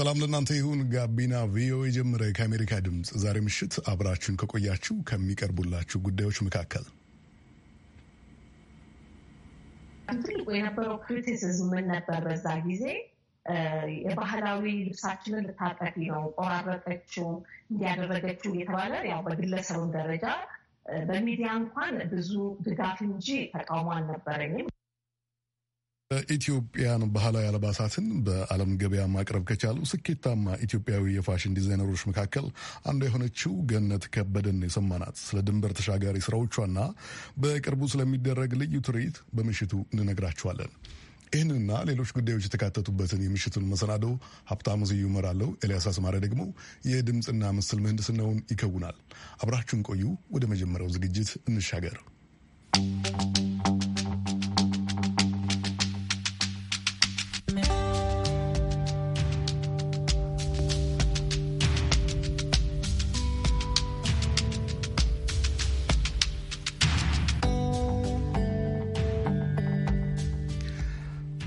ሰላም ለእናንተ ይሁን። ጋቢና ቪኦኤ ጀምረ ከአሜሪካ ድምፅ ዛሬ ምሽት አብራችሁን ከቆያችሁ ከሚቀርቡላችሁ ጉዳዮች መካከል ትልቁ የነበረው ክሪቲሲዝም ምን ነበር? በዛ ጊዜ የባህላዊ ልብሳችንን ልታጠፊ ነው፣ ቆራረጠችው፣ እንዲያደረገችው የተባለ ያው በግለሰቡን ደረጃ በሚዲያ እንኳን ብዙ ድጋፍ እንጂ ተቃውሞ አልነበረኝም። ኢትዮጵያን ባህላዊ አልባሳትን በዓለም ገበያ ማቅረብ ከቻሉ ስኬታማ ኢትዮጵያዊ የፋሽን ዲዛይነሮች መካከል አንዷ የሆነችው ገነት ከበደን የሰማናት ስለ ድንበር ተሻጋሪ ስራዎቿና በቅርቡ ስለሚደረግ ልዩ ትርኢት በምሽቱ እንነግራችኋለን። ይህንና ሌሎች ጉዳዮች የተካተቱበትን የምሽቱን መሰናዶ ሀብታሙ ስዩም ይመራዋል። ኤልያስ አስማረ ደግሞ የድምፅና ምስል ምህንድስናውን ይከውናል። አብራችሁን ቆዩ። ወደ መጀመሪያው ዝግጅት እንሻገር።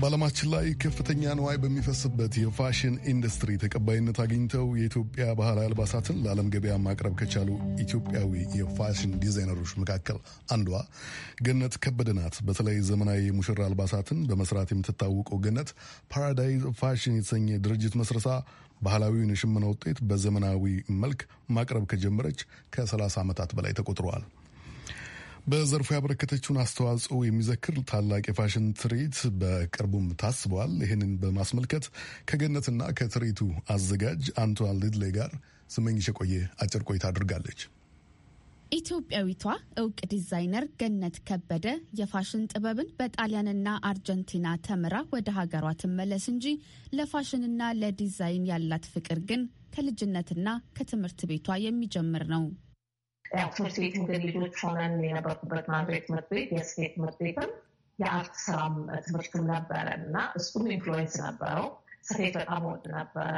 በዓለማችን ላይ ከፍተኛ ንዋይ በሚፈስበት የፋሽን ኢንዱስትሪ ተቀባይነት አግኝተው የኢትዮጵያ ባህላዊ አልባሳትን ለዓለም ገበያ ማቅረብ ከቻሉ ኢትዮጵያዊ የፋሽን ዲዛይነሮች መካከል አንዷ ገነት ከበደ ናት። በተለይ ዘመናዊ የሙሽራ አልባሳትን በመስራት የምትታወቀው ገነት ፓራዳይዝ ፋሽን የተሰኘ ድርጅት መስረሳ ባህላዊውን የሽመና ውጤት በዘመናዊ መልክ ማቅረብ ከጀመረች ከ30 ዓመታት በላይ ተቆጥረዋል። በዘርፉ ያበረከተችውን አስተዋጽኦ የሚዘክር ታላቅ የፋሽን ትርኢት በቅርቡም ታስበዋል። ይህንን በማስመልከት ከገነትና ከትርኢቱ አዘጋጅ አንቷን ሊድሌ ጋር ስመኝሽ የቆየ አጭር ቆይታ አድርጋለች። ኢትዮጵያዊቷ እውቅ ዲዛይነር ገነት ከበደ የፋሽን ጥበብን በጣሊያንና አርጀንቲና ተምራ ወደ ሀገሯ ትመለስ እንጂ ለፋሽንና ለዲዛይን ያላት ፍቅር ግን ከልጅነትና ከትምህርት ቤቷ የሚጀምር ነው። ያው ትምህርት ቤት እንግዲህ ልጆች ሆነን የነበርኩበት ማድሬ ትምህርት ቤት የስፌት ትምህርት ቤትም የአርት ስራም ትምህርትም ነበረ እና እሱም ኢንፍሉዌንስ ነበረው። ስፌት በጣም ወድ ነበረ።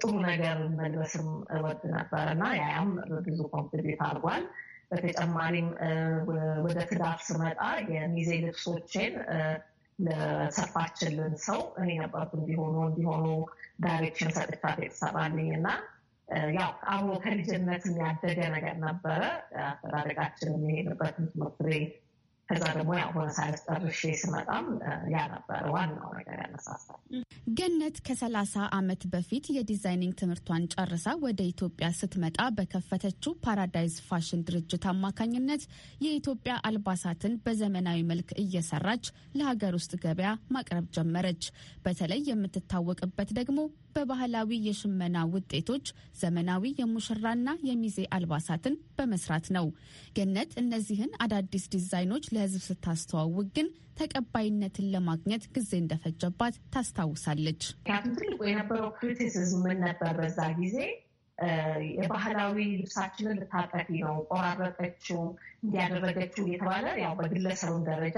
ጥሩ ነገር መልበስም ወድ ነበረ እና ያም ብዙ ኮንትሪቢዩት አድርጓል። በተጨማሪም ወደ ትዳር ስመጣ የሚዜ ልብሶቼን ለሰፋችልን ሰው እኔ ነበርኩ እንዲሆኑ እንዲሆኑ ዳይሬክሽን ሰጥቻት የተሰራልኝ እና ያው አብሮ ከልጅነት ያደገ ነገር ነበረ። አስተዳደጋችን የሚሄድበትን ትምህርት ቤት ከዛ ደግሞ ያሆነ ሳያስጠርሽ ስመጣም ያ ነበር ዋናው ነገር ያነሳሳል። ገነት ከሰላሳ ዓመት በፊት የዲዛይኒንግ ትምህርቷን ጨርሳ ወደ ኢትዮጵያ ስትመጣ በከፈተችው ፓራዳይዝ ፋሽን ድርጅት አማካኝነት የኢትዮጵያ አልባሳትን በዘመናዊ መልክ እየሰራች ለሀገር ውስጥ ገበያ ማቅረብ ጀመረች። በተለይ የምትታወቅበት ደግሞ በባህላዊ የሽመና ውጤቶች ዘመናዊ የሙሽራና የሚዜ አልባሳትን በመስራት ነው። ገነት እነዚህን አዳዲስ ዲዛይኖች ለሕዝብ ስታስተዋውቅ ግን ተቀባይነትን ለማግኘት ጊዜ እንደፈጀባት ታስታውሳለች። ምክንያቱም ትልቁ የነበረው ክሪቲሲዝም ነበር? በዛ ጊዜ የባህላዊ ልብሳችንን ልታጠፊ ነው፣ ቆራረጠችው፣ እንዲያደረገችው እየተባለ ያው በግለሰቡን ደረጃ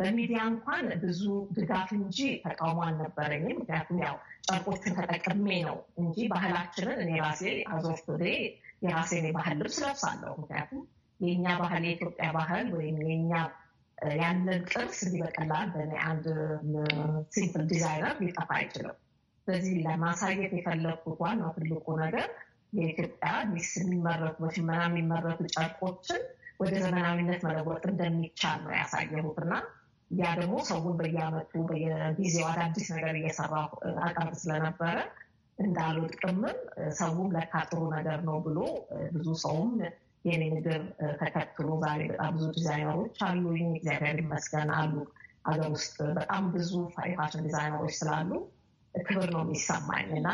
በሚዲያ እንኳን ብዙ ድጋፍ እንጂ ተቃውሞ አልነበረኝም። ምክንያቱም ያው ጨርቆችን ተጠቅሜ ነው እንጂ ባህላችንን እኔ ራሴ አዞር የራሴ የራሴን የባህል ልብስ ለብሳለሁ። ምክንያቱም የእኛ ባህል የኢትዮጵያ ባህል ወይም የኛ ያንን ቅርስ እንዲህ በቀላል በእኔ አንድ ሲምፕል ዲዛይነር ሊጠፋ አይችልም። በዚህ ለማሳየት የፈለግኩት ዋናው ትልቁ ነገር የኢትዮጵያ ሚስ የሚመረቱ በሽመና የሚመረቱ ጨርቆችን ወደ ዘመናዊነት መለወጥ እንደሚቻል ነው ያሳየሁት እና ያ ደግሞ ሰውን በየአመቱ በየጊዜው አዳዲስ ነገር እየሰራ አቀርብ ስለነበረ ጥቅምም ሰውም ለካ ጥሩ ነገር ነው ብሎ ብዙ ሰውም የኔ ንግር ተከትሎ ዛሬ በጣም ብዙ ዲዛይነሮች አሉ። እግዚአብሔር ይመስገን አሉ። ሀገር ውስጥ በጣም ብዙ ፋሽን ዲዛይነሮች ስላሉ ክብር ነው የሚሰማኝ እና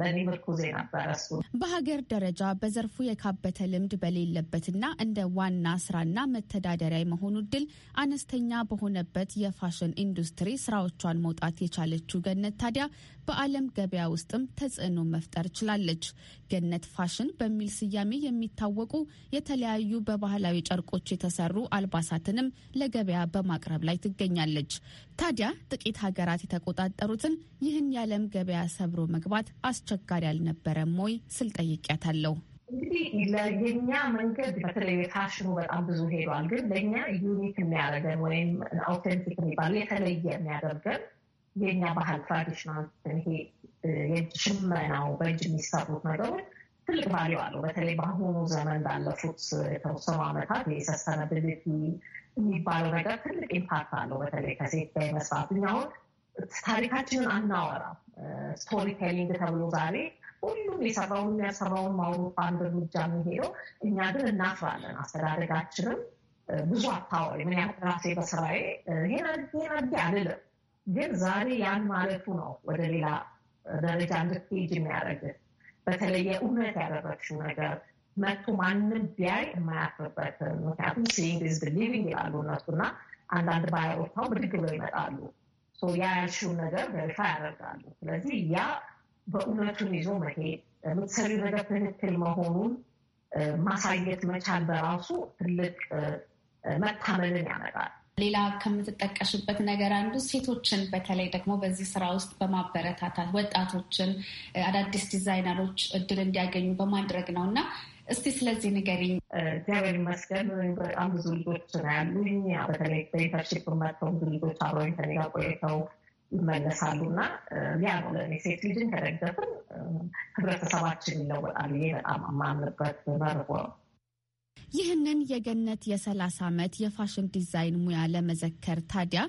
ለእኔ ምርኩዜ ነበረ እሱ። በሀገር ደረጃ በዘርፉ የካበተ ልምድ በሌለበትና እንደ ዋና ስራና መተዳደሪያ የመሆኑ እድል አነስተኛ በሆነበት የፋሽን ኢንዱስትሪ ስራዎቿን መውጣት የቻለችው ገነት ታዲያ በዓለም ገበያ ውስጥም ተጽዕኖ መፍጠር ችላለች። ገነት ፋሽን በሚል ስያሜ የሚታወቁ የተለያዩ በባህላዊ ጨርቆች የተሰሩ አልባሳትንም ለገበያ በማቅረብ ላይ ትገኛለች። ታዲያ ጥቂት ሀገራት የተቆጣጠሩትን ይህን የዓለም ገበያ ሰብሮ መግባት አስቸጋሪ አልነበረም ወይ ስል ጠይቄያታለሁ። እንግዲህ ለየኛ መንገድ በተለይ ፋሽኑ በጣም ብዙ ሄዷል። ግን ለእኛ ዩኒክ የሚያደርገን ወይም አውተንቲክ የሚባለው የተለየ የሚያደርገን የኛ ባህል ትራዲሽናል ይሄ የእጅ ሽመናው በእጅ የሚሰሩት ነገሮች ትልቅ ቫሊው አለው። በተለይ በአሁኑ ዘመን ባለፉት የተወሰኑ ዓመታት የሰስተናብሊቲ የሚባለው ነገር ትልቅ ኢምፓክት አለው። በተለይ ከሴት ጋር መስራት እኛሁን ታሪካችንን አናወራ ስቶሪ ቴሊንግ ተብሎ ዛሬ ሁሉም የሰራውን የሚያሰራውን ማውሮፓ አንድ እርምጃ የሚሄደው እኛ ግን እናፍራለን። አስተዳደጋችንም ብዙ አታወሪ ምን ያህል ራሴ በስራዬ ይሄን አድርጌ አልልም ግን ዛሬ ያን ማለቱ ነው ወደ ሌላ ደረጃ እንድትሄጅ የሚያደርግህ በተለየ እውነት ያደረግሽው ነገር መቶ ማንም ቢያይ የማያፍርበት ምክንያቱም ሲንግ ዝ ቢሊቪንግ ይላሉ እነሱ እና አንዳንድ ባያወታው ብድግ ብለው ይመጣሉ። ያ ያልሽውን ነገር በልፋ ያደርጋሉ። ስለዚህ ያ በእውነቱን ይዞ መሄድ የምትሰሪ ነገር ትክክል መሆኑን ማሳየት መቻል በራሱ ትልቅ መታመንን ያመጣል። ሌላ ከምትጠቀሽበት ነገር አንዱ ሴቶችን በተለይ ደግሞ በዚህ ስራ ውስጥ በማበረታታት ወጣቶችን፣ አዳዲስ ዲዛይነሮች እድል እንዲያገኙ በማድረግ ነው እና እስቲ ስለዚህ ንገሪኝ። እግዚአብሔር ይመስገን በጣም ብዙ ልጆች ያሉ በተለይ በኢንተርንሺፕ መጥተው ብዙ ልጆች አብረው ከኔ ጋር ቆይተው ይመለሳሉ እና ያ ነው ለእኔ ሴት ልጅን ከደገፍን ህብረተሰባችን ይለወጣል። ይሄ በጣም የማምንበት መርህ ነው። ይህንን የገነት የ30 ዓመት የፋሽን ዲዛይን ሙያ ለመዘከር ታዲያ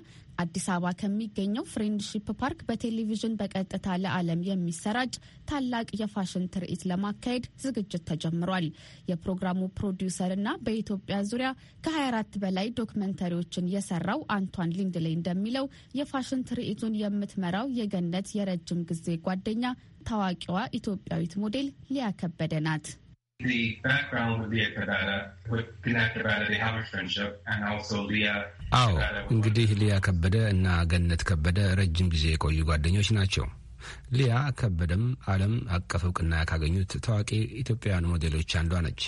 አዲስ አበባ ከሚገኘው ፍሬንድሺፕ ፓርክ በቴሌቪዥን በቀጥታ ለዓለም የሚሰራጭ ታላቅ የፋሽን ትርኢት ለማካሄድ ዝግጅት ተጀምሯል። የፕሮግራሙ ፕሮዲውሰር በኢትዮጵያ ዙሪያ ከ24 በላይ ዶክመንተሪዎችን የሰራው አንቷን ሊንድሌይ እንደሚለው የፋሽን ትርኢቱን የምትመራው የገነት የረጅም ጊዜ ጓደኛ ታዋቂዋ ኢትዮጵያዊት ሞዴል ሊያ ከበደ ናት። አዎ እንግዲህ ሊያ ከበደ እና ገነት ከበደ ረጅም ጊዜ የቆዩ ጓደኞች ናቸው። ሊያ ከበደም ዓለም አቀፍ እውቅና ካገኙት ታዋቂ ኢትዮጵያውያን ሞዴሎች አንዷ ነች።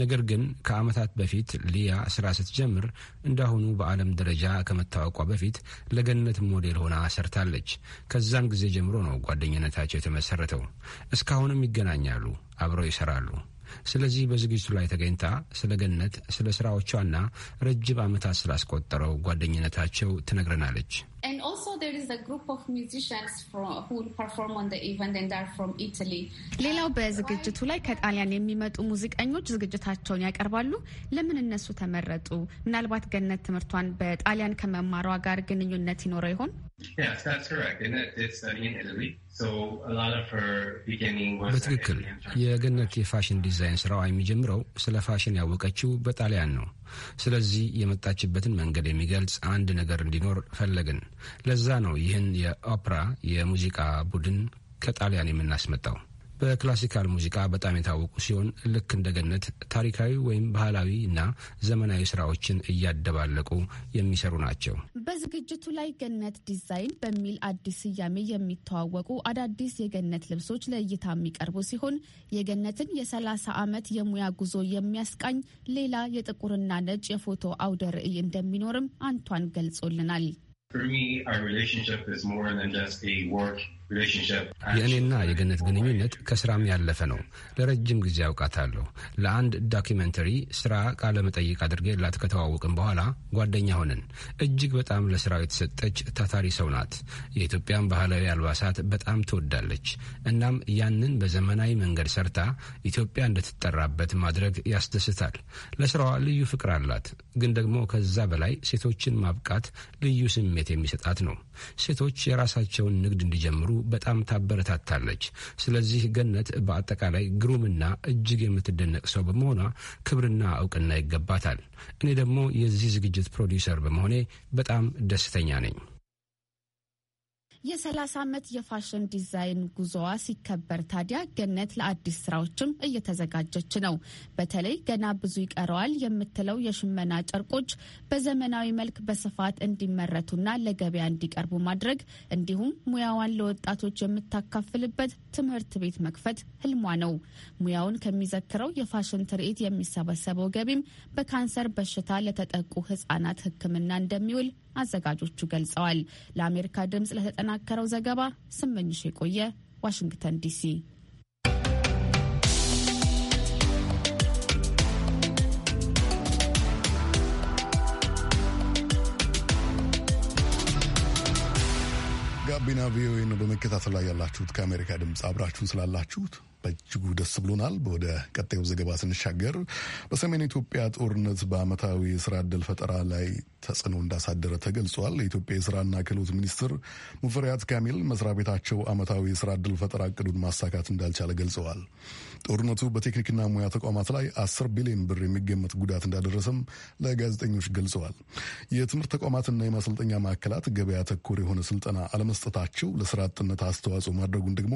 ነገር ግን ከዓመታት በፊት ሊያ ስራ ስትጀምር እንዳሁኑ በዓለም ደረጃ ከመታወቋ በፊት ለገነት ሞዴል ሆና ሰርታለች። ከዛን ጊዜ ጀምሮ ነው ጓደኝነታቸው የተመሰረተው። እስካሁንም ይገናኛሉ፣ አብረው ይሰራሉ። ስለዚህ በዝግጅቱ ላይ ተገኝታ ስለ ገነት፣ ስለ ስራዎቿና ረጅም ዓመታት ስላስቆጠረው ጓደኝነታቸው ትነግረናለች። ሌላው በዝግጅቱ ላይ ከጣሊያን የሚመጡ ሙዚቀኞች ዝግጅታቸውን ያቀርባሉ። ለምን እነሱ ተመረጡ? ምናልባት ገነት ትምህርቷን በጣሊያን ከመማሯ ጋር ግንኙነት ይኖረው ይሆን? በትክክል የገነት የፋሽን ዲዛይን ስራዋ የሚጀምረው ስለ ፋሽን ያወቀችው በጣሊያን ነው። ስለዚህ የመጣችበትን መንገድ የሚገልጽ አንድ ነገር እንዲኖር ፈለግን። ለዛ ነው ይህን የኦፕራ የሙዚቃ ቡድን ከጣሊያን የምናስመጣው። በክላሲካል ሙዚቃ በጣም የታወቁ ሲሆን ልክ እንደ ገነት ታሪካዊ ወይም ባህላዊ እና ዘመናዊ ስራዎችን እያደባለቁ የሚሰሩ ናቸው። በዝግጅቱ ላይ ገነት ዲዛይን በሚል አዲስ ስያሜ የሚተዋወቁ አዳዲስ የገነት ልብሶች ለእይታ የሚቀርቡ ሲሆን የገነትን የሰላሳ ዓመት የሙያ ጉዞ የሚያስቃኝ ሌላ የጥቁርና ነጭ የፎቶ አውደ ርዕይ እንደሚኖርም አንቷን ገልጾልናል። የእኔና የገነት ግንኙነት ከስራም ያለፈ ነው። ለረጅም ጊዜ አውቃታለሁ። ለአንድ ዶኪመንተሪ ስራ ቃለ መጠይቅ ላት ከተዋወቅን በኋላ ጓደኛ ሆነን። እጅግ በጣም ለስራው የተሰጠች ታታሪ ሰው ናት። የኢትዮጵያን ባህላዊ አልባሳት በጣም ትወዳለች። እናም ያንን በዘመናዊ መንገድ ሰርታ ኢትዮጵያ እንደትጠራበት ማድረግ ያስደስታል። ለስራዋ ልዩ ፍቅር አላት። ግን ደግሞ ከዛ በላይ ሴቶችን ማብቃት ልዩ ስሜት የሚሰጣት ነው። ሴቶች የራሳቸውን ንግድ እንዲጀምሩ በጣም ታበረታታለች። ስለዚህ ገነት በአጠቃላይ ግሩምና እጅግ የምትደነቅ ሰው በመሆኗ ክብርና እውቅና ይገባታል። እኔ ደግሞ የዚህ ዝግጅት ፕሮዲውሰር በመሆኔ በጣም ደስተኛ ነኝ። የ30 ዓመት የፋሽን ዲዛይን ጉዞዋ ሲከበር ታዲያ ገነት ለአዲስ ስራዎችም እየተዘጋጀች ነው። በተለይ ገና ብዙ ይቀረዋል የምትለው የሽመና ጨርቆች በዘመናዊ መልክ በስፋት እንዲመረቱና ለገበያ እንዲቀርቡ ማድረግ እንዲሁም ሙያዋን ለወጣቶች የምታካፍልበት ትምህርት ቤት መክፈት ህልሟ ነው። ሙያውን ከሚዘክረው የፋሽን ትርኢት የሚሰበሰበው ገቢም በካንሰር በሽታ ለተጠቁ ህጻናት ሕክምና እንደሚውል አዘጋጆቹ ገልጸዋል። ለአሜሪካ ድምፅ ለተጠናከረው ዘገባ ስመኝሽ የቆየ ዋሽንግተን ዲሲ። ጋቢና ቪኦኤ ነው በመከታተል ላይ ያላችሁት። ከአሜሪካ ድምፅ አብራችሁን ስላላችሁት በእጅጉ ደስ ብሎናል። ወደ ቀጣዩ ዘገባ ስንሻገር በሰሜን ኢትዮጵያ ጦርነት በዓመታዊ የስራ እድል ፈጠራ ላይ ተጽዕኖ እንዳሳደረ ተገልጿል። የኢትዮጵያ የስራና ክህሎት ሚኒስትር ሙፈሪያት ካሚል መስሪያ ቤታቸው ዓመታዊ የስራ እድል ፈጠራ እቅዱን ማሳካት እንዳልቻለ ገልጸዋል። ጦርነቱ በቴክኒክና ሙያ ተቋማት ላይ አስር ቢሊዮን ብር የሚገመት ጉዳት እንዳደረሰም ለጋዜጠኞች ገልጸዋል። የትምህርት ተቋማትና የማሰልጠኛ ማዕከላት ገበያ ተኮር የሆነ ስልጠና አለመስጠታቸው ለስራ አጥነት አስተዋጽኦ ማድረጉን ደግሞ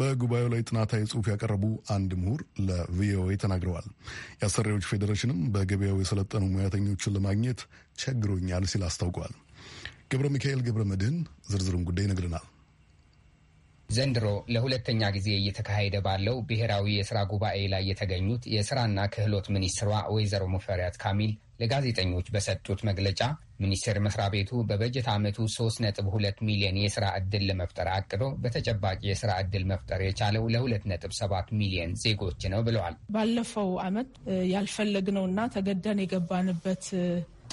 በጉባኤው ላይ ጥናታዊ ጽሑፍ ያቀረቡ አንድ ምሁር ለቪኦኤ ተናግረዋል። የአሰሪዎች ፌዴሬሽንም በገበያው የሰለጠኑ ሙያተኞችን ለማግኘት ቸግሮኛል ሲል አስታውቋል። ገብረ ሚካኤል ገብረ መድህን ዝርዝሩን ጉዳይ ይነግረናል። ዘንድሮ ለሁለተኛ ጊዜ እየተካሄደ ባለው ብሔራዊ የስራ ጉባኤ ላይ የተገኙት የስራና ክህሎት ሚኒስትሯ ወይዘሮ ሙፈሪያት ካሚል ለጋዜጠኞች በሰጡት መግለጫ ሚኒስቴር መስሪያ ቤቱ በበጀት ዓመቱ 3.2 ሚሊዮን የሥራ ዕድል ለመፍጠር አቅዶ በተጨባጭ የሥራ ዕድል መፍጠር የቻለው ለ2.7 ሚሊዮን ዜጎች ነው ብለዋል። ባለፈው ዓመት ያልፈለግነውና ተገደን የገባንበት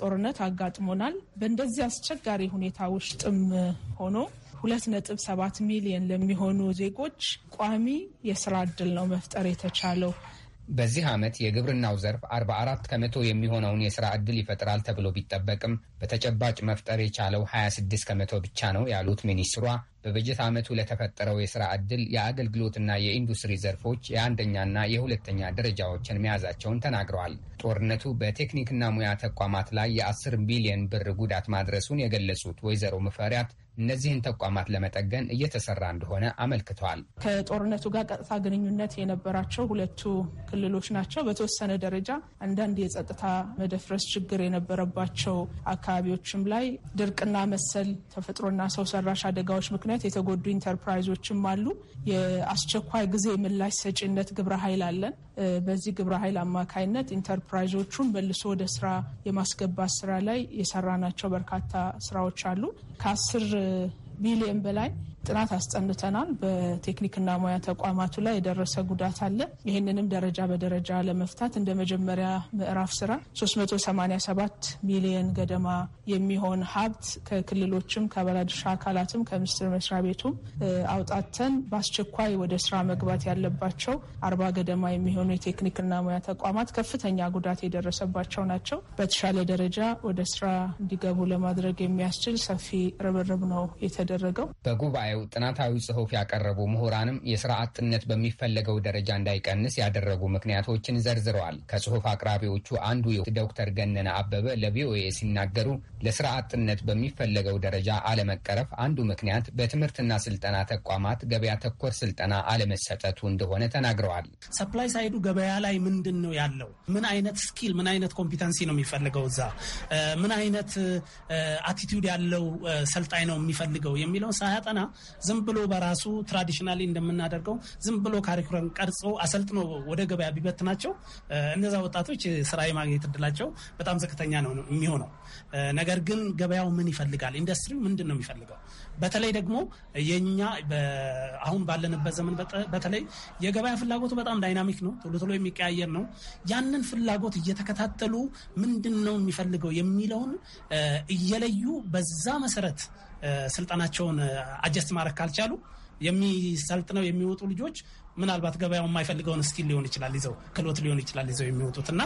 ጦርነት አጋጥሞናል። በእንደዚህ አስቸጋሪ ሁኔታ ውስጥም ሆኖ 2.7 ሚሊዮን ለሚሆኑ ዜጎች ቋሚ የስራ ዕድል ነው መፍጠር የተቻለው። በዚህ ዓመት የግብርናው ዘርፍ 44 ከመቶ የሚሆነውን የሥራ ዕድል ይፈጥራል ተብሎ ቢጠበቅም በተጨባጭ መፍጠር የቻለው 26 ከመቶ ብቻ ነው ያሉት ሚኒስትሯ በበጀት ዓመቱ ለተፈጠረው የሥራ ዕድል የአገልግሎትና የኢንዱስትሪ ዘርፎች የአንደኛና የሁለተኛ ደረጃዎችን መያዛቸውን ተናግረዋል። ጦርነቱ በቴክኒክና ሙያ ተቋማት ላይ የ10 ቢሊዮን ብር ጉዳት ማድረሱን የገለጹት ወይዘሮ ሙፈሪያት እነዚህን ተቋማት ለመጠገን እየተሰራ እንደሆነ አመልክተዋል። ከጦርነቱ ጋር ቀጥታ ግንኙነት የነበራቸው ሁለቱ ክልሎች ናቸው። በተወሰነ ደረጃ አንዳንድ የጸጥታ መደፍረስ ችግር የነበረባቸው አካባቢዎችም ላይ ድርቅና መሰል ተፈጥሮና ሰው ሰራሽ አደጋዎች ምክንያት የተጎዱ ኢንተርፕራይዞችም አሉ። የአስቸኳይ ጊዜ ምላሽ ሰጪነት ግብረ ኃይል አለን። በዚህ ግብረ ኃይል አማካይነት ኢንተርፕራይዞቹን መልሶ ወደ ስራ የማስገባት ስራ ላይ ናቸው። በርካታ ስራዎች አሉ ከአስር ቢሊየን በላይ ጥናት አስጠንተናል። በቴክኒክና ሙያ ተቋማቱ ላይ የደረሰ ጉዳት አለ። ይህንንም ደረጃ በደረጃ ለመፍታት እንደ መጀመሪያ ምዕራፍ ስራ 387 ሚሊየን ገደማ የሚሆን ሀብት ከክልሎችም ከባለድርሻ አካላትም ከሚኒስቴር መስሪያ ቤቱም አውጣተን በአስቸኳይ ወደ ስራ መግባት ያለባቸው አርባ ገደማ የሚሆኑ የቴክኒክና ሙያ ተቋማት ከፍተኛ ጉዳት የደረሰባቸው ናቸው። በተሻለ ደረጃ ወደ ስራ እንዲገቡ ለማድረግ የሚያስችል ሰፊ ርብርብ ነው የተደረገው በጉባኤ በጉዳዩ ጥናታዊ ጽሑፍ ያቀረቡ ምሁራንም የስራ አጥነት በሚፈለገው ደረጃ እንዳይቀንስ ያደረጉ ምክንያቶችን ዘርዝረዋል። ከጽሑፍ አቅራቢዎቹ አንዱ ዶክተር ገነነ አበበ ለቪኦኤ ሲናገሩ ለስራ አጥነት በሚፈለገው ደረጃ አለመቀረፍ አንዱ ምክንያት በትምህርትና ስልጠና ተቋማት ገበያ ተኮር ስልጠና አለመሰጠቱ እንደሆነ ተናግረዋል። ሰፕላይ ሳይዱ ገበያ ላይ ምንድን ነው ያለው? ምን አይነት ስኪል፣ ምን አይነት ኮምፒተንሲ ነው የሚፈልገው? እዛ ምን አይነት አቲቲዩድ ያለው ሰልጣኝ ነው የሚፈልገው የሚለው ሳያጠና ዝም ብሎ በራሱ ትራዲሽናሊ እንደምናደርገው ዝም ብሎ ካሪኩለም ቀርጾ አሰልጥኖ ወደ ገበያ ቢበትናቸው እነዛ ወጣቶች ስራ የማግኘት እድላቸው በጣም ዝቅተኛ ነው የሚሆነው። ነገር ግን ገበያው ምን ይፈልጋል? ኢንዱስትሪው ምንድን ነው የሚፈልገው? በተለይ ደግሞ የኛ አሁን ባለንበት ዘመን በተለይ የገበያ ፍላጎቱ በጣም ዳይናሚክ ነው፣ ቶሎ ቶሎ የሚቀያየር ነው። ያንን ፍላጎት እየተከታተሉ ምንድን ነው የሚፈልገው የሚለውን እየለዩ በዛ መሰረት ስልጠናቸውን አጀስት ማድረግ ካልቻሉ የሚሰልጥነው የሚወጡ ልጆች ምናልባት ገበያው የማይፈልገውን ስኪል ሊሆን ይችላል ይዘው ክሎት ሊሆን ይችላል ይዘው የሚወጡት እና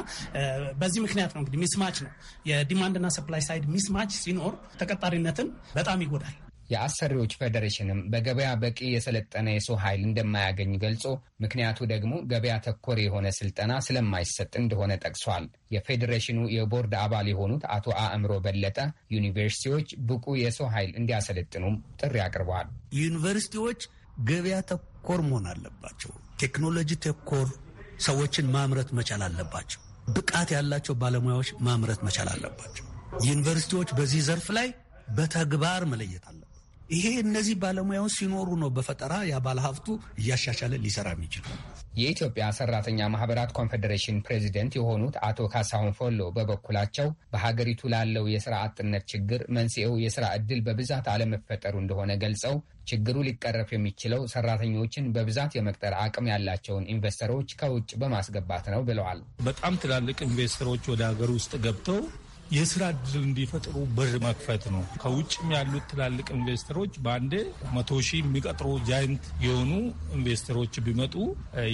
በዚህ ምክንያት ነው እንግዲህ ሚስማች ነው የዲማንድና ሰፕላይ ሳይድ ሚስማች ሲኖር ተቀጣሪነትን በጣም ይጎዳል። የአሰሪዎች ፌዴሬሽንም በገበያ በቂ የሰለጠነ የሰው ኃይል እንደማያገኝ ገልጾ ምክንያቱ ደግሞ ገበያ ተኮር የሆነ ስልጠና ስለማይሰጥ እንደሆነ ጠቅሷል። የፌዴሬሽኑ የቦርድ አባል የሆኑት አቶ አእምሮ በለጠ ዩኒቨርሲቲዎች ብቁ የሰው ኃይል እንዲያሰለጥኑም ጥሪ አቅርበዋል። ዩኒቨርሲቲዎች ገበያ ተኮር መሆን አለባቸው። ቴክኖሎጂ ተኮር ሰዎችን ማምረት መቻል አለባቸው። ብቃት ያላቸው ባለሙያዎች ማምረት መቻል አለባቸው። ዩኒቨርሲቲዎች በዚህ ዘርፍ ላይ በተግባር መለየት አለ ይሄ እነዚህ ባለሙያዎች ሲኖሩ ነው በፈጠራ ያ ባለሀብቱ እያሻሻለ ሊሰራ የሚችል። የኢትዮጵያ ሰራተኛ ማህበራት ኮንፌዴሬሽን ፕሬዚደንት የሆኑት አቶ ካሳሁን ፎሎ በበኩላቸው በሀገሪቱ ላለው የስራ አጥነት ችግር መንስኤው የስራ እድል በብዛት አለመፈጠሩ እንደሆነ ገልጸው ችግሩ ሊቀረፍ የሚችለው ሰራተኞችን በብዛት የመቅጠር አቅም ያላቸውን ኢንቨስተሮች ከውጭ በማስገባት ነው ብለዋል። በጣም ትላልቅ ኢንቨስተሮች ወደ ሀገር ውስጥ ገብተው የስራ እድል እንዲፈጥሩ በር መክፈት ነው። ከውጭም ያሉት ትላልቅ ኢንቨስተሮች በአንዴ መቶ ሺህ የሚቀጥሩ ጃይንት የሆኑ ኢንቨስተሮች ቢመጡ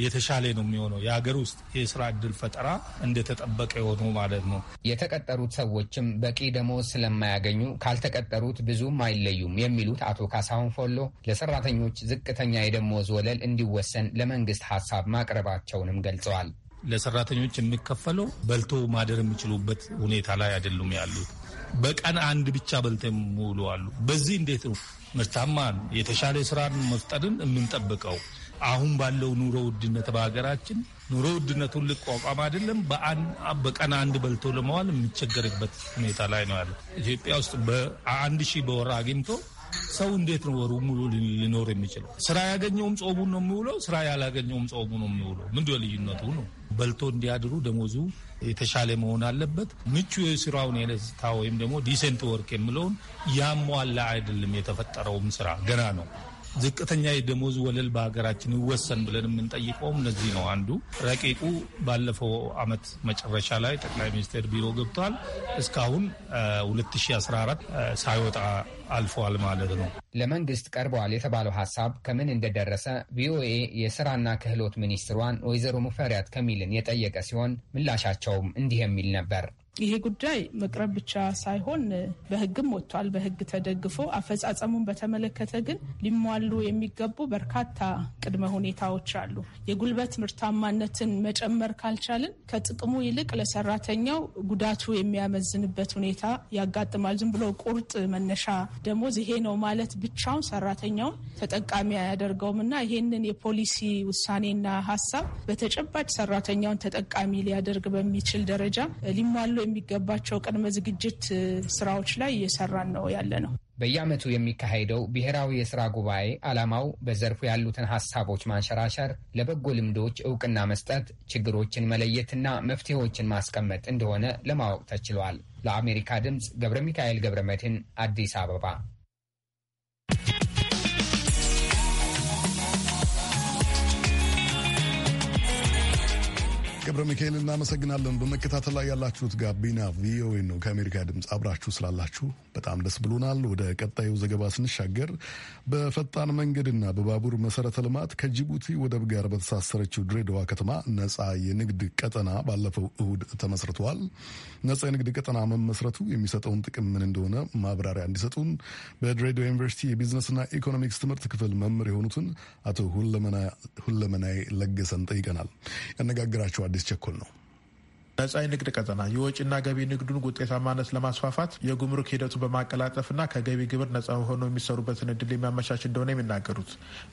የተሻለ ነው የሚሆነው የሀገር ውስጥ የስራ እድል ፈጠራ እንደተጠበቀ የሆኑ ማለት ነው። የተቀጠሩት ሰዎችም በቂ ደሞዝ ስለማያገኙ ካልተቀጠሩት ብዙም አይለዩም የሚሉት አቶ ካሳሁን ፎሎ ለሰራተኞች ዝቅተኛ የደሞዝ ወለል እንዲወሰን ለመንግስት ሀሳብ ማቅረባቸውንም ገልጸዋል። ለሰራተኞች የሚከፈለው በልቶ ማደር የሚችሉበት ሁኔታ ላይ አይደሉም ያሉት። በቀን አንድ ብቻ በልተው የሚውሉ አሉ። በዚህ እንዴት ነው ምርታማን የተሻለ ስራን መፍጠርን የምንጠብቀው? አሁን ባለው ኑሮ ውድነት በሀገራችን ኑሮ ውድነቱን ልቋቋም አይደለም በቀን አንድ በልቶ ለመዋል የሚቸገርበት ሁኔታ ላይ ነው ያለው። ኢትዮጵያ ውስጥ በአንድ ሺህ በወር አግኝቶ ሰው እንዴት ነው ወሩ ሙሉ ሊኖር የሚችለው? ስራ ያገኘውም ጾሙ ነው የሚውለው፣ ስራ ያላገኘውም ጾሙ ነው የሚውለው። ምንድ ልዩነቱ ነው? በልቶ እንዲያድሩ ደሞዙ የተሻለ መሆን አለበት። ምቹ የስራውን የነስታ ወይም ደግሞ ዲሴንት ወርክ የሚለውን ያሟላ አይደለም። የተፈጠረውም ስራ ገና ነው። ዝቅተኛ የደሞዝ ወለል በሀገራችን ይወሰን ብለን የምንጠይቀውም ለዚህ ነው። አንዱ ረቂቁ ባለፈው አመት መጨረሻ ላይ ጠቅላይ ሚኒስቴር ቢሮ ገብቷል። እስካሁን 2014 ሳይወጣ አልፈዋል ማለት ነው። ለመንግስት ቀርበዋል የተባለው ሀሳብ ከምን እንደደረሰ ቪኦኤ የስራና ክህሎት ሚኒስትሯን ወይዘሮ ሙፈሪያት ከሚልን የጠየቀ ሲሆን ምላሻቸውም እንዲህ የሚል ነበር። ይሄ ጉዳይ መቅረብ ብቻ ሳይሆን በህግም ወጥቷል። በህግ ተደግፎ አፈጻጸሙን በተመለከተ ግን ሊሟሉ የሚገቡ በርካታ ቅድመ ሁኔታዎች አሉ። የጉልበት ምርታማነትን መጨመር ካልቻልን ከጥቅሙ ይልቅ ለሰራተኛው ጉዳቱ የሚያመዝንበት ሁኔታ ያጋጥማል። ዝም ብሎ ቁርጥ መነሻ ደሞዝ ይሄ ነው ማለት ብቻውን ሰራተኛውን ተጠቃሚ አያደርገውም እና ይሄንን የፖሊሲ ውሳኔና ሀሳብ በተጨባጭ ሰራተኛውን ተጠቃሚ ሊያደርግ በሚችል ደረጃ ሊሟሉ የሚገባቸው ቅድመ ዝግጅት ስራዎች ላይ እየሰራን ነው ያለ ነው። በየዓመቱ የሚካሄደው ብሔራዊ የስራ ጉባኤ ዓላማው በዘርፉ ያሉትን ሀሳቦች ማንሸራሸር፣ ለበጎ ልምዶች እውቅና መስጠት፣ ችግሮችን መለየትና መፍትሄዎችን ማስቀመጥ እንደሆነ ለማወቅ ተችሏል። ለአሜሪካ ድምፅ ገብረ ሚካኤል ገብረ መድህን አዲስ አበባ ገብረ ሚካኤል እናመሰግናለን። በመከታተል ላይ ያላችሁት ጋቢና ቪኦኤ ነው። ከአሜሪካ ድምፅ አብራችሁ ስላላችሁ በጣም ደስ ብሎናል። ወደ ቀጣዩ ዘገባ ስንሻገር በፈጣን መንገድና በባቡር መሰረተ ልማት ከጅቡቲ ወደብ ጋር በተሳሰረችው ድሬዳዋ ከተማ ነፃ የንግድ ቀጠና ባለፈው እሁድ ተመስርተዋል። ነጻ የንግድ ቀጠና መመስረቱ የሚሰጠውን ጥቅም ምን እንደሆነ ማብራሪያ እንዲሰጡን በድሬዳዋ ዩኒቨርሲቲ የቢዝነስና ኢኮኖሚክስ ትምህርት ክፍል መምህር የሆኑትን አቶ ሁለመናይ ለገሰን ጠይቀናል። ያነጋግራቸዋል አዲስ ቸኮል ነው። ነጻ የንግድ ቀጠና የወጪና ገቢ ንግዱን ውጤታማነት ለማስፋፋት የጉምሩክ ሂደቱ በማቀላጠፍና ከገቢ ግብር ነጻ ሆነው የሚሰሩበትን እድል የሚያመቻች እንደሆነ የሚናገሩት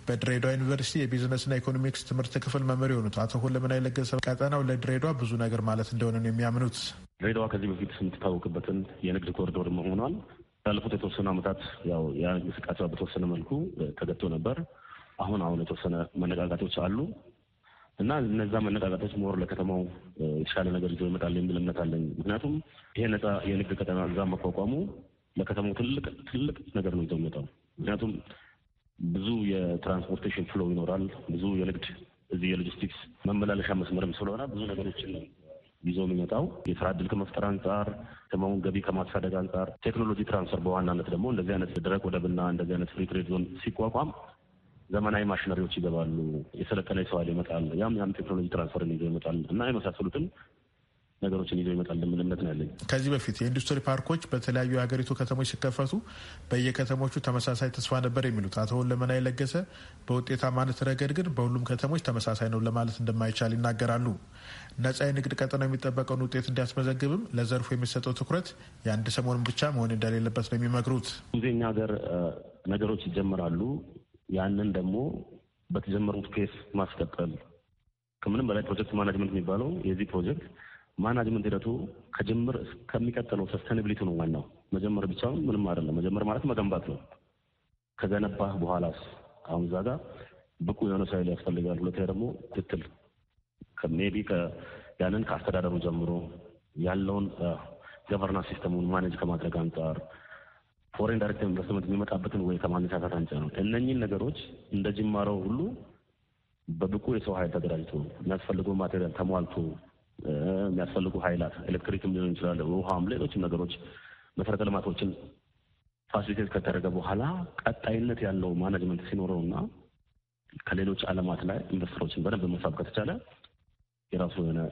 በድሬዳዋ ዩኒቨርሲቲ የቢዝነስና ኢኮኖሚክስ ትምህርት ክፍል መምህር የሆኑት አቶ ሁለምና የለገሰ ቀጠናው ለድሬዳዋ ብዙ ነገር ማለት እንደሆነ ነው የሚያምኑት። ድሬዳዋ ከዚህ በፊት የምትታወቅበትን የንግድ ኮሪዶር መሆኗን ባለፉት የተወሰኑ ዓመታት ያው ያ በተወሰነ መልኩ ተገብቶ ነበር። አሁን አሁን የተወሰነ መነቃቃቶች አሉ። እና እነዛ መነቃቃቶች መሆር ለከተማው የተሻለ ነገር ይዞ ይመጣል የሚል እምነት አለኝ። ምክንያቱም ይሄ ነጻ የንግድ ቀጠና እዛ መቋቋሙ ለከተማው ትልቅ ትልቅ ነገር ነው ይዘው የሚመጣው። ምክንያቱም ብዙ የትራንስፖርቴሽን ፍሎ ይኖራል፣ ብዙ የንግድ እዚህ የሎጂስቲክስ መመላለሻ መስመርም ስለሆነ ብዙ ነገሮችን ይዞ የሚመጣው የስራ እድል ከመፍጠር አንጻር ከተማውን ገቢ ከማሳደግ አንጻር ቴክኖሎጂ ትራንስፈር በዋናነት ደግሞ እንደዚህ አይነት ደረቅ ወደብና እንደዚህ አይነት ፍሪ ትሬድ ዞን ሲቋቋም ዘመናዊ ማሽነሪዎች ይገባሉ፣ የሰለጠነ ሰው ኃይል ይመጣል፣ ያም ያም ቴክኖሎጂ ትራንስፈርን ይዞ ይመጣል እና የመሳሰሉትን ነገሮችን ይዞ ይመጣል የሚል እምነት ነው ያለኝ። ከዚህ በፊት የኢንዱስትሪ ፓርኮች በተለያዩ የሀገሪቱ ከተሞች ሲከፈቱ በየከተሞቹ ተመሳሳይ ተስፋ ነበር የሚሉት አቶ ወለመና የለገሰ በውጤታማነት ረገድ ግን በሁሉም ከተሞች ተመሳሳይ ነው ለማለት እንደማይቻል ይናገራሉ። ነጻ የንግድ ቀጠናው የሚጠበቀውን ውጤት እንዲያስመዘግብም ለዘርፉ የሚሰጠው ትኩረት የአንድ ሰሞን ብቻ መሆን እንደሌለበት ነው የሚመክሩት። ጊዜ እኛ ሀገር ነገሮች ይጀምራሉ ያንን ደግሞ በተጀመሩት ኬስ ማስቀጠል ከምንም በላይ ፕሮጀክት ማናጅመንት የሚባለው የዚህ ፕሮጀክት ማናጅመንት ሂደቱ ከጀምር እስከሚቀጥለው ሰስተኒብሊቲ ነው ዋናው። መጀመር ብቻውን ምንም አይደለም። መጀመር ማለት መገንባት ነው። ከገነባህ በኋላስ አሁን እዛ ጋር ብቁ የሆነ ሳይል ያስፈልጋል። ሁለተኛ ደግሞ ትትል ሜቢ ያንን ከአስተዳደሩ ጀምሮ ያለውን ገቨርናንስ ሲስተሙን ማኔጅ ከማድረግ አንጻር ፎሬን ዳይሬክት ኢንቨስትመንት የሚመጣበትን ወይ ከማነሳሳት አንጻር ነው። እነኚህን ነገሮች እንደ ጅማረው ሁሉ በብቁ የሰው ኃይል ተደራጅቶ የሚያስፈልገው ማቴሪያል ተሟልቶ የሚያስፈልጉ ኃይላት ኤሌክትሪክም ሊሆን ይችላል፣ ውሃም፣ ሌሎችም ነገሮች መሰረተ ልማቶችን ፋሲሊቴት ከተደረገ በኋላ ቀጣይነት ያለው ማናጅመንት ሲኖረውና ከሌሎች አለማት ላይ ኢንቨስተሮችን በደንብ መሳብ ከተቻለ የራሱ የሆነ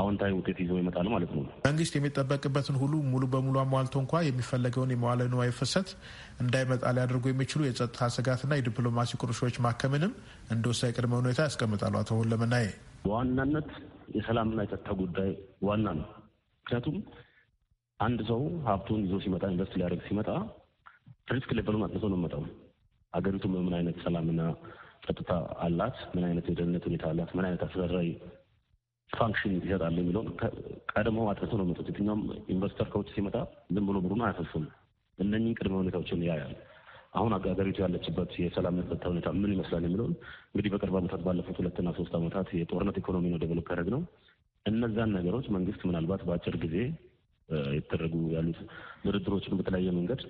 አዎንታዊ ውጤት ይዞ ይመጣል ማለት ነው። መንግስት የሚጠበቅበትን ሁሉ ሙሉ በሙሉ አሟልቶ እንኳ የሚፈለገውን የመዋለ ንዋይ ፍሰት እንዳይመጣ ሊያደርጉ የሚችሉ የጸጥታ ስጋትና የዲፕሎማሲ ቁርሾች ማከምንም እንደ ወሳኝ ቅድመ ሁኔታ ያስቀምጣሉ። አቶ ሁለመናዬ በዋናነት የሰላምና የጸጥታ ጉዳይ ዋና ነው። ምክንያቱም አንድ ሰው ሀብቱን ይዞ ሲመጣ ኢንቨስት ሊያደርግ ሲመጣ ሪስክ ሌበሉን አጥንቶ ነው የሚመጣው። አገሪቱ በምን አይነት ሰላምና ጸጥታ አላት፣ ምን አይነት የደህንነት ሁኔታ አላት፣ ምን አይነት አስተዳደራዊ ፋንክሽን ይሰጣል የሚለውን ቀድሞ አጥርተው ነው መጡት። የትኛውም ኢንቨስተር ከውጭ ሲመጣ ዝም ብሎ ብሩን አያፈስም። እነኚህን ቅድመ ሁኔታዎችን ያያል። አሁን አገሪቱ ያለችበት የሰላም የጸጥታ ሁኔታ ምን ይመስላል የሚለውን እንግዲህ በቅርብ ዓመታት ባለፉት ሁለትና ሶስት ዓመታት የጦርነት ኢኮኖሚ ነው ደብሎ ያደረግ ነው። እነዛን ነገሮች መንግስት ምናልባት በአጭር ጊዜ የተደረጉ ያሉት ድርድሮችን በተለያየ መንገድ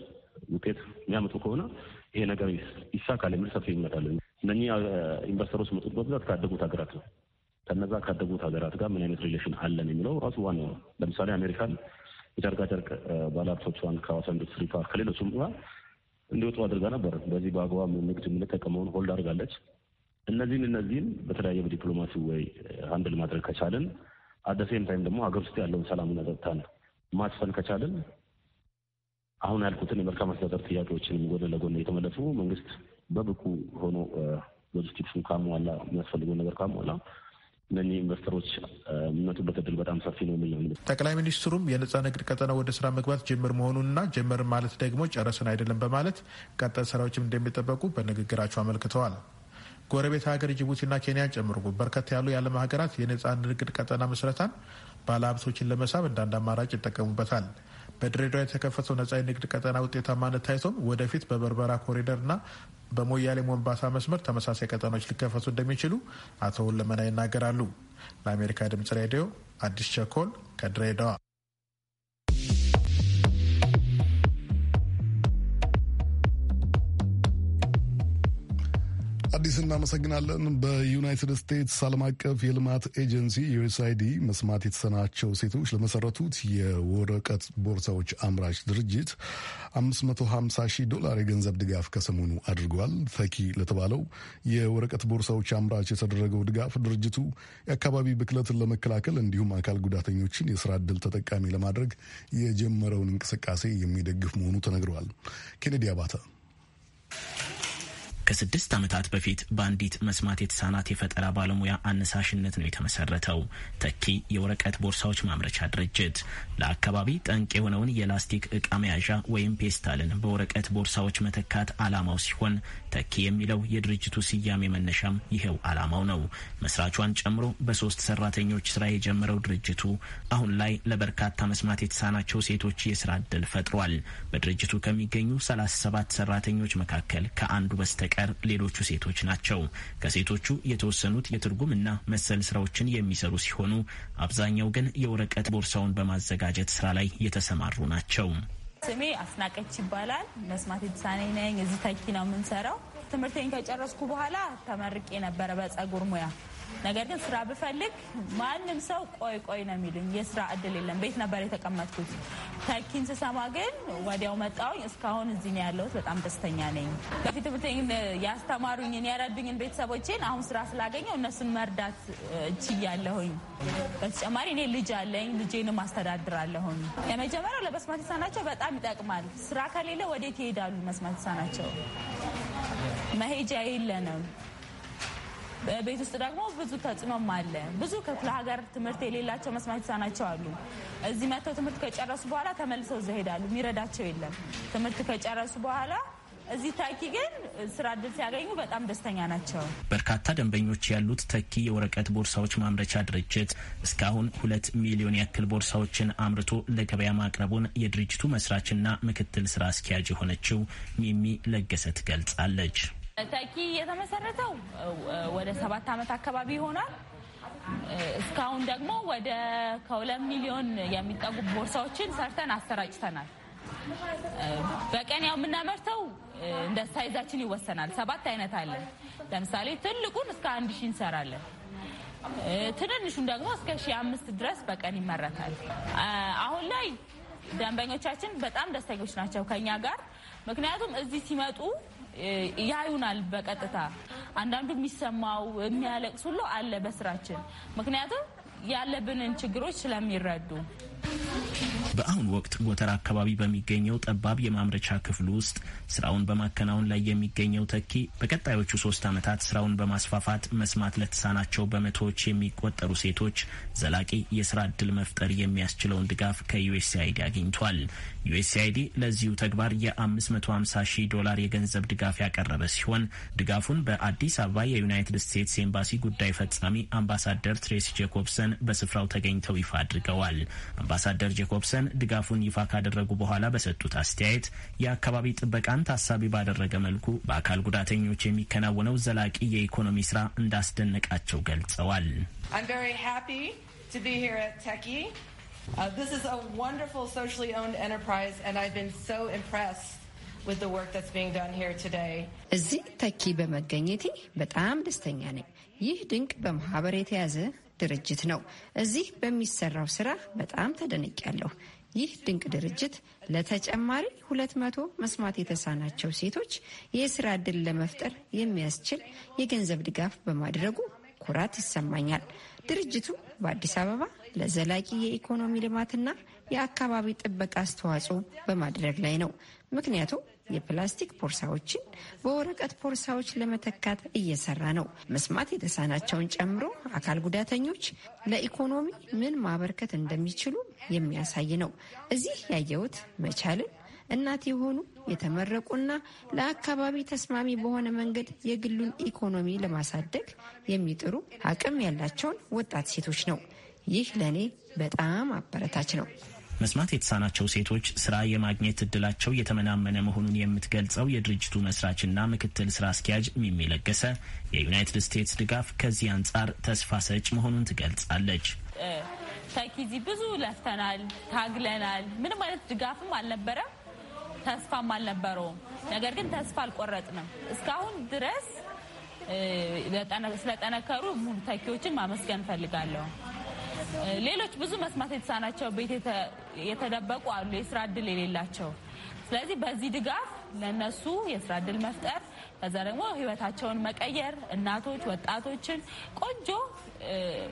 ውጤት የሚያመጡ ከሆነ ይሄ ነገር ይሳካል የሚል ሰፊ ይመጣል። እነኚህ ኢንቨስተሮች መጡት በብዛት ካደጉት ሀገራት ነው። ከነዛ ካደጉት ሀገራት ጋር ምን አይነት ሪሌሽን አለን የሚለው ራሱ ዋናው ነው። ለምሳሌ አሜሪካን የጨርቃጨርቅ ባለሀብቶቿን ከሀዋሳ ኢንዱስትሪ ፓርክ ከሌሎችም ጋር እንዲወጡ አድርጋ ነበር። በዚህ በአግባብ ንግድ የምንጠቀመውን ሆልድ አድርጋለች። እነዚህን እነዚህን በተለያየ በዲፕሎማሲ ወይ አንድል ማድረግ ከቻልን አደሴም ታይም ደግሞ ሀገር ውስጥ ያለውን ሰላምና ጸጥታን ማስፈን ከቻልን አሁን ያልኩትን የመልካም አስተዳደር ጥያቄዎችንም ጎን ለጎን እየተመለሱ መንግስት በብቁ ሆኖ ሎጂስቲክሱን ካሟላ የሚያስፈልገውን ነገር ካሟላ እነኚህ ኢንቨስተሮች የሚመጡበት እድል በጣም ሰፊ ነው የሚለው ጠቅላይ ሚኒስትሩም የነጻ ንግድ ቀጠና ወደ ስራ መግባት ጀምር መሆኑንና ጀምር ማለት ደግሞ ጨረስን አይደለም በማለት ቀጣይ ስራዎችም እንደሚጠበቁ በንግግራቸው አመልክተዋል። ጎረቤት ሀገር ጅቡቲና ኬንያን ጨምሮ በርከት ያሉ የዓለም ሀገራት የነጻ ንግድ ቀጠና ምስረታን ባለሀብቶችን ለመሳብ እንዳንድ አማራጭ ይጠቀሙበታል። በድሬዳዋ የተከፈተው ነጻ የንግድ ቀጠና ውጤታማነት ታይቶም ወደፊት በበርበራ ኮሪደርና በሞያሌ ሞንባሳ መስመር ተመሳሳይ ቀጠናዎች ሊከፈቱ እንደሚችሉ አቶ ሁለመና ይናገራሉ። ለአሜሪካ ድምጽ ሬዲዮ አዲስ ቸኮል ከድሬዳዋ አዲስ እናመሰግናለን። በዩናይትድ ስቴትስ ዓለም አቀፍ የልማት ኤጀንሲ ዩኤስአይዲ መስማት የተሰናቸው ሴቶች ለመሰረቱት የወረቀት ቦርሳዎች አምራች ድርጅት 550 ሺህ ዶላር የገንዘብ ድጋፍ ከሰሞኑ አድርጓል። ፈኪ ለተባለው የወረቀት ቦርሳዎች አምራች የተደረገው ድጋፍ ድርጅቱ የአካባቢ ብክለትን ለመከላከል እንዲሁም አካል ጉዳተኞችን የስራ እድል ተጠቃሚ ለማድረግ የጀመረውን እንቅስቃሴ የሚደግፍ መሆኑ ተነግረዋል። ኬኔዲ አባተ ከስድስት ዓመታት በፊት በአንዲት መስማት የተሳናት የፈጠራ ባለሙያ አነሳሽነት ነው የተመሰረተው ተኪ የወረቀት ቦርሳዎች ማምረቻ ድርጅት። ለአካባቢ ጠንቅ የሆነውን የላስቲክ እቃ መያዣ ወይም ፔስታልን በወረቀት ቦርሳዎች መተካት አላማው ሲሆን ተኪ የሚለው የድርጅቱ ስያሜ መነሻም ይኸው አላማው ነው። መስራቿን ጨምሮ በሶስት ሰራተኞች ስራ የጀመረው ድርጅቱ አሁን ላይ ለበርካታ መስማት የተሳናቸው ሴቶች የስራ እድል ፈጥሯል። በድርጅቱ ከሚገኙ ሰባት ሰራተኞች መካከል ከአንዱ በስተቀር በስተቀር ሌሎቹ ሴቶች ናቸው። ከሴቶቹ የተወሰኑት የትርጉምና መሰል ስራዎችን የሚሰሩ ሲሆኑ አብዛኛው ግን የወረቀት ቦርሳውን በማዘጋጀት ስራ ላይ የተሰማሩ ናቸው። ስሜ አስናቀች ይባላል። መስማት የተሳነኝ ነኝ። እዚህ ተኪ ነው የምንሰራው። ትምህርቴን ከጨረስኩ በኋላ ተመርቄ ነበረ በጸጉር ሙያ ነገር ግን ስራ ብፈልግ ማንም ሰው ቆይ ቆይ ነው የሚሉኝ። የስራ እድል የለም። ቤት ነበር የተቀመጥኩት። ተኪን ስሰማ ግን ወዲያው መጣውኝ። እስካሁን እዚህ ነው ያለሁት። በጣም ደስተኛ ነኝ። በፊት ትምህርቴን ያስተማሩኝን የረዱኝን ቤተሰቦቼን አሁን ስራ ስላገኘው እነሱን መርዳት ችያለሁኝ። በተጨማሪ እኔ ልጅ አለኝ። ልጄንም አስተዳድራለሁኝ። የመጀመሪያው ለመስማት የተሳናቸው በጣም ይጠቅማል። ስራ ከሌለ ወዴት ይሄዳሉ? መስማት የተሳናቸው መሄጃ የለንም። ቤት ውስጥ ደግሞ ብዙ ተጽዕኖም አለ። ብዙ ከክፍለ ሀገር ትምህርት የሌላቸው መስማት የተሳናቸው አሉ። እዚህ መጥተው ትምህርት ከጨረሱ በኋላ ተመልሰው እዛ ሄዳሉ። የሚረዳቸው የለም። ትምህርት ከጨረሱ በኋላ እዚህ ተኪ ግን ስራ እድል ሲያገኙ በጣም ደስተኛ ናቸው። በርካታ ደንበኞች ያሉት ተኪ የወረቀት ቦርሳዎች ማምረቻ ድርጅት እስካሁን ሁለት ሚሊዮን ያክል ቦርሳዎችን አምርቶ ለገበያ ማቅረቡን የድርጅቱ መስራችና ምክትል ስራ አስኪያጅ የሆነችው ሚሚ ለገሰ ትገልጻለች። ተኪ የተመሰረተው ወደ ሰባት ዓመት አካባቢ ይሆናል። እስካሁን ደግሞ ወደ ከሁለት ሚሊዮን የሚጠጉ ቦርሳዎችን ሰርተን አሰራጭተናል። በቀን ያው የምናመርተው እንደ ሳይዛችን ይወሰናል። ሰባት አይነት አለ። ለምሳሌ ትልቁን እስከ አንድ ሺህ እንሰራለን። ትንንሹን ደግሞ እስከ ሺህ አምስት ድረስ በቀን ይመረታል። አሁን ላይ ደንበኞቻችን በጣም ደስተኞች ናቸው ከኛ ጋር ምክንያቱም እዚህ ሲመጡ ያዩናል በቀጥታ አንዳንዱ የሚሰማው የሚያለቅስ ሁሉ አለ በስራችን ምክንያቱም ያለብንን ችግሮች ስለሚረዱ በአሁኑ ወቅት ጎተራ አካባቢ በሚገኘው ጠባብ የማምረቻ ክፍል ውስጥ ስራውን በማከናወን ላይ የሚገኘው ተኪ በቀጣዮቹ ሶስት ዓመታት ስራውን በማስፋፋት መስማት ለተሳናቸው በመቶዎች የሚቆጠሩ ሴቶች ዘላቂ የስራ እድል መፍጠር የሚያስችለውን ድጋፍ ከዩኤስአይዲ አግኝቷል። ዩኤስአይዲ ለዚሁ ተግባር የ550 ሺህ ዶላር የገንዘብ ድጋፍ ያቀረበ ሲሆን ድጋፉን በአዲስ አበባ የዩናይትድ ስቴትስ ኤምባሲ ጉዳይ ፈጻሚ አምባሳደር ትሬስ ጄኮብሰን በስፍራው ተገኝተው ይፋ አድርገዋል። አምባሳደር ጄኮብሰን ባለስልጣን ድጋፉን ይፋ ካደረጉ በኋላ በሰጡት አስተያየት የአካባቢ ጥበቃን ታሳቢ ባደረገ መልኩ በአካል ጉዳተኞች የሚከናወነው ዘላቂ የኢኮኖሚ ስራ እንዳስደነቃቸው ገልጸዋል። uh, እዚህ ተኪ በመገኘቴ በጣም ደስተኛ ነኝ። ይህ ድንቅ በማህበር የተያዘ ድርጅት ነው። እዚህ በሚሰራው ስራ በጣም ያለሁ ይህ ድንቅ ድርጅት ለተጨማሪ ሁለት መቶ መስማት የተሳናቸው ሴቶች የስራ ዕድል ለመፍጠር የሚያስችል የገንዘብ ድጋፍ በማድረጉ ኩራት ይሰማኛል። ድርጅቱ በአዲስ አበባ ለዘላቂ የኢኮኖሚ ልማትና የአካባቢ ጥበቃ አስተዋጽኦ በማድረግ ላይ ነው። ምክንያቱም የፕላስቲክ ቦርሳዎችን በወረቀት ቦርሳዎች ለመተካት እየሰራ ነው። መስማት የተሳናቸውን ጨምሮ አካል ጉዳተኞች ለኢኮኖሚ ምን ማበርከት እንደሚችሉ የሚያሳይ ነው። እዚህ ያየሁት መቻልን እናት የሆኑ የተመረቁና ለአካባቢ ተስማሚ በሆነ መንገድ የግሉን ኢኮኖሚ ለማሳደግ የሚጥሩ አቅም ያላቸውን ወጣት ሴቶች ነው። ይህ ለእኔ በጣም አበረታች ነው። መስማት የተሳናቸው ሴቶች ስራ የማግኘት እድላቸው የተመናመነ መሆኑን የምትገልጸው የድርጅቱ መስራችና ምክትል ስራ አስኪያጅ ሚሚ ለገሰ የዩናይትድ ስቴትስ ድጋፍ ከዚህ አንጻር ተስፋ ሰጭ መሆኑን ትገልጻለች። ተኪዚ ብዙ ለፍተናል፣ ታግለናል። ምንም አይነት ድጋፍም አልነበረም፣ ተስፋም አልነበረውም። ነገር ግን ተስፋ አልቆረጥንም። እስካሁን ድረስ ስለጠነከሩ ሙሉ ተኪዎችን ማመስገን እፈልጋለሁ። ሌሎች ብዙ መስማት የተሳናቸው ቤት የተደበቁ አሉ፣ የስራ እድል የሌላቸው። ስለዚህ በዚህ ድጋፍ ለነሱ የስራ እድል መፍጠር ከዛ ደግሞ ህይወታቸውን መቀየር እናቶች፣ ወጣቶችን ቆንጆ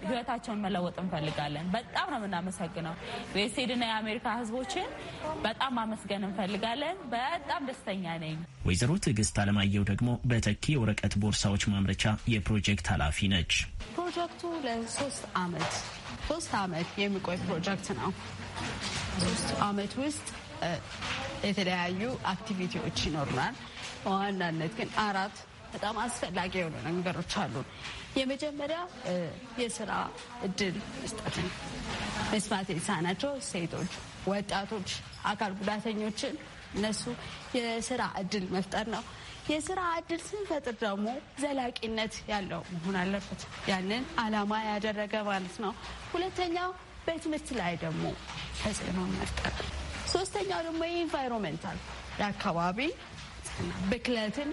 ህይወታቸውን መለወጥ እንፈልጋለን። በጣም ነው የምናመሰግነው የዩኤስኤድና የአሜሪካ ህዝቦችን በጣም ማመስገን እንፈልጋለን። በጣም ደስተኛ ነኝ። ወይዘሮ ትዕግስት አለማየሁ ደግሞ በተኪ የወረቀት ቦርሳዎች ማምረቻ የፕሮጀክት ኃላፊ ነች። ፕሮጀክቱ ለሶስት አመት ሶስት አመት የሚቆይ ፕሮጀክት ነው። ሶስት አመት ውስጥ የተለያዩ አክቲቪቲዎች ይኖሩናል። በዋናነት ግን አራት በጣም አስፈላጊ የሆኑ ነገሮች አሉ። የመጀመሪያ የስራ እድል መስጠት ነው። መስማት የተሳናቸው ሴቶች፣ ወጣቶች፣ አካል ጉዳተኞችን እነሱ የስራ እድል መፍጠር ነው። የስራ እድል ስንፈጥር ደግሞ ዘላቂነት ያለው መሆን አለበት። ያንን አላማ ያደረገ ማለት ነው። ሁለተኛው በትምህርት ላይ ደግሞ ተጽዕኖ መፍጠር፣ ሶስተኛው ደግሞ የኢንቫይሮንመንታል የአካባቢ ብክለትን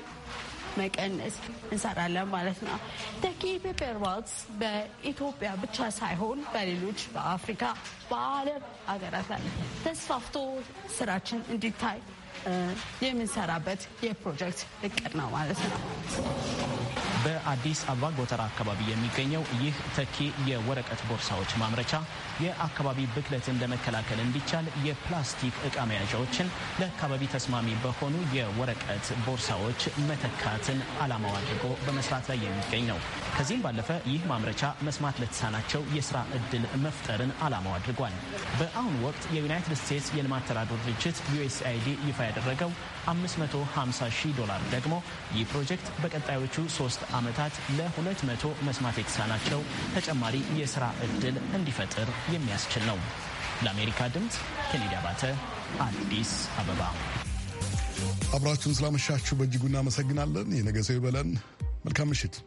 መቀነስ እንሰራለን ማለት ነው። ተኪ ፔፐርባልስ በኢትዮጵያ ብቻ ሳይሆን በሌሎች በአፍሪካ በዓለም ሀገራት ላይ ተስፋፍቶ ስራችን እንዲታይ የምንሰራበት የፕሮጀክት እቅድ ነው ማለት ነው። በአዲስ አበባ ጎተራ አካባቢ የሚገኘው ይህ ተኪ የወረቀት ቦርሳዎች ማምረቻ የአካባቢ ብክለትን ለመከላከል እንዲቻል የፕላስቲክ እቃ መያዣዎችን ለአካባቢ ተስማሚ በሆኑ የወረቀት ቦርሳዎች መተካትን ዓላማው አድርጎ በመስራት ላይ የሚገኝ ነው። ከዚህም ባለፈ ይህ ማምረቻ መስማት ለተሳናቸው የስራ እድል መፍጠርን ዓላማው አድርጓል። በአሁኑ ወቅት የዩናይትድ ስቴትስ የልማት ተራድኦ ድርጅት ዩኤስአይዲ ይፋ ያደረገው 550 ሺህ ዶላር ደግሞ ይህ ፕሮጀክት በቀጣዮቹ ሶስት ዓመታት ለሁለት መቶ መስማት የተሳናቸው ተጨማሪ የስራ እድል እንዲፈጥር የሚያስችል ነው። ለአሜሪካ ድምፅ ኬኔዲ አባተ አዲስ አበባ። አብራችሁን ስላመሻችሁ በእጅጉ እናመሰግናለን። የነገ ሰው ይበለን። መልካም ምሽት።